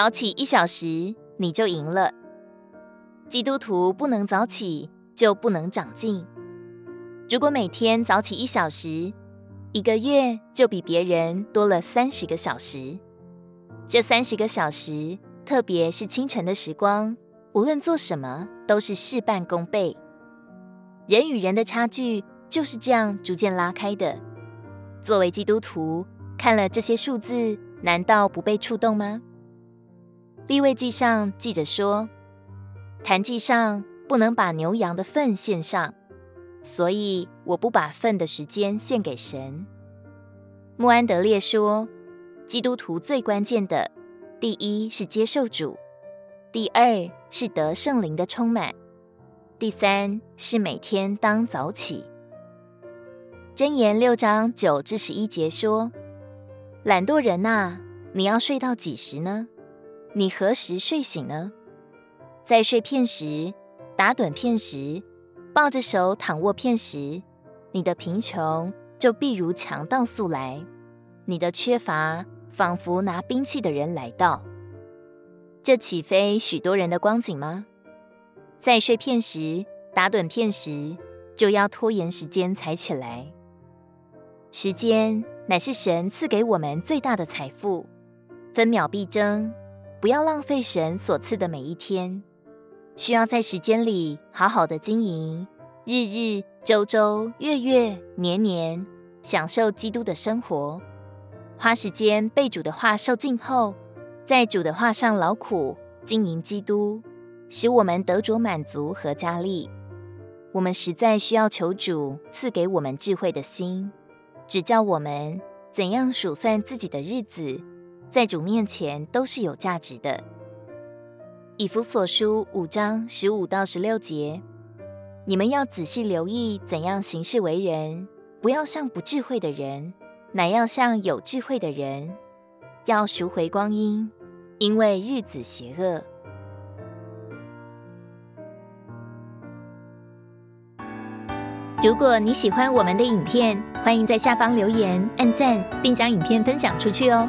早起一小時，你就贏了。基督徒不能早起，就不能長進。如果每天早起一小時，一個月就比別人多了三十個小時。這三十個小時，特別是清晨的時光，無論做什麼都是事半功倍。人與人的差距就是這樣逐漸拉開的。作為基督徒，看了這些數字，難道不被觸動嗎？立位記上記着說，壇記上不能把牛羊的糞獻上，所以我不把糞的時間獻給神。慕安德烈說，基督徒最關鍵的，第一是接受主，第二是得聖靈的充滿，第三是每天當早起。箴言六章九至十一節說，懶惰人哪、啊，你要睡到幾時呢？你何時睡醒呢？再睡片時，打盹片時，抱着手躺臥片時，你的貧窮就必如強盜速來；你的缺乏仿佛拿兵器的人來到。這豈非許多人的光景嗎？再睡片時，打盹片時，就要拖延時間才起來。時間乃是神賜給我們最大的財富，分秒必爭。不要浪費神所賜的每一天，需要在時間裡好好的經營，日日、周周、月月、年年，享受基督的生活。花時間被主的話，受浸透，在主的話上勞苦經營基督，使我們得着滿足和加力。我們實在需要求主賜給我們智慧的心，指教我們怎樣數算自己的日子。在主面前都是有價值的。以弗所書五章十五到十六節，你們要仔細留意怎樣行事為人，不要像不智慧的人，乃要像有智慧的人，要贖回光陰，因為日子邪惡。如果你喜歡我們的影片，歡迎在下方留言、按讚，並將影片分享出去哦。